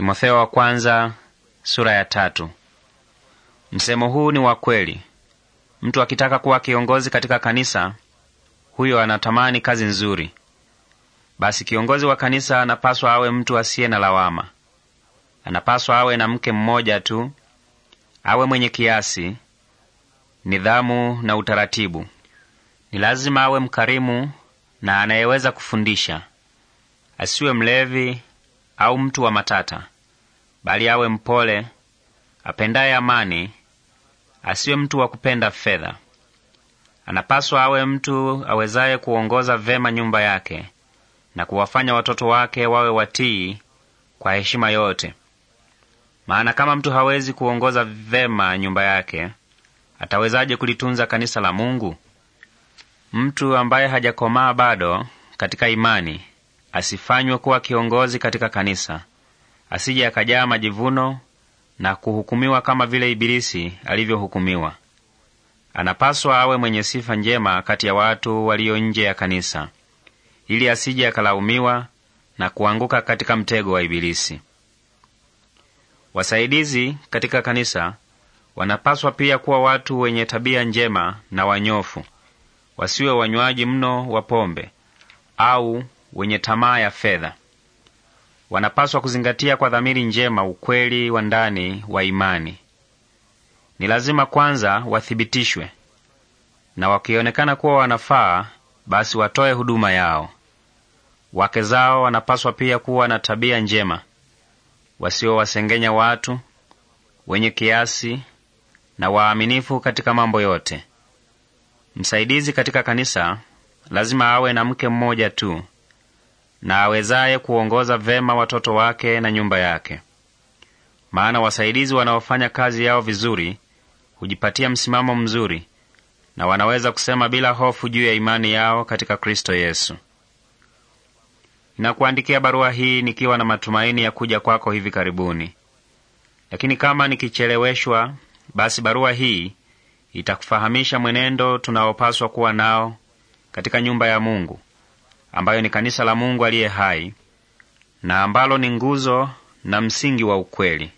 Timotheo wa kwanza, sura ya tatu. Msemo huu ni wa kweli. Mtu akitaka kuwa kiongozi katika kanisa, huyo anatamani kazi nzuri. Basi kiongozi wa kanisa anapaswa awe mtu asiye na lawama. Anapaswa awe na mke mmoja tu, awe mwenye kiasi, nidhamu na utaratibu. Ni lazima awe mkarimu na anayeweza kufundisha, asiwe mlevi au mtu wa matata, bali awe mpole, apendaye amani, asiwe mtu wa kupenda fedha. Anapaswa awe mtu awezaye kuongoza vema nyumba yake na kuwafanya watoto wake wawe watii kwa heshima yote. Maana kama mtu hawezi kuongoza vema nyumba yake, atawezaje kulitunza kanisa la Mungu? Mtu ambaye hajakomaa bado katika imani asifanywe kuwa kiongozi katika kanisa, asije akajaa majivuno na kuhukumiwa kama vile Ibilisi alivyohukumiwa. Anapaswa awe mwenye sifa njema kati ya watu walio nje ya kanisa, ili asije akalaumiwa na kuanguka katika mtego wa Ibilisi. Wasaidizi katika kanisa wanapaswa pia kuwa watu wenye tabia njema na wanyofu, wasiwe wanywaji mno wa pombe au wenye tamaa ya fedha wanapaswa kuzingatia kwa dhamiri njema ukweli wa ndani wa imani. Ni lazima kwanza wathibitishwe, na wakionekana kuwa wanafaa, basi watoe huduma yao. Wake zao wanapaswa pia kuwa na tabia njema, wasiowasengenya watu, wenye kiasi na waaminifu katika mambo yote. Msaidizi katika kanisa lazima awe na mke mmoja tu na awezaye kuongoza vema watoto wake na nyumba yake. Maana wasaidizi wanaofanya kazi yao vizuri hujipatia msimamo mzuri na wanaweza kusema bila hofu juu ya imani yao katika Kristo Yesu. Nakuandikia barua hii nikiwa na matumaini ya kuja kwako hivi karibuni, lakini kama nikicheleweshwa, basi barua hii itakufahamisha mwenendo tunaopaswa kuwa nao katika nyumba ya Mungu ambayo ni kanisa la Mungu aliye hai na ambalo ni nguzo na msingi wa ukweli.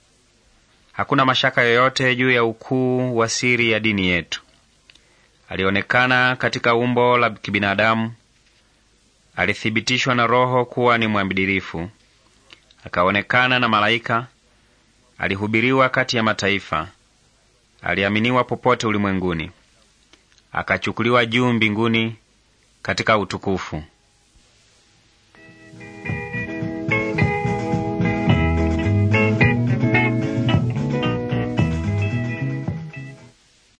Hakuna mashaka yoyote juu ya ukuu wa siri ya dini yetu. Alionekana katika umbo la kibinadamu, alithibitishwa na Roho kuwa ni mwamdirifu, akaonekana na malaika, alihubiriwa kati ya mataifa, aliaminiwa popote ulimwenguni, akachukuliwa juu mbinguni katika utukufu.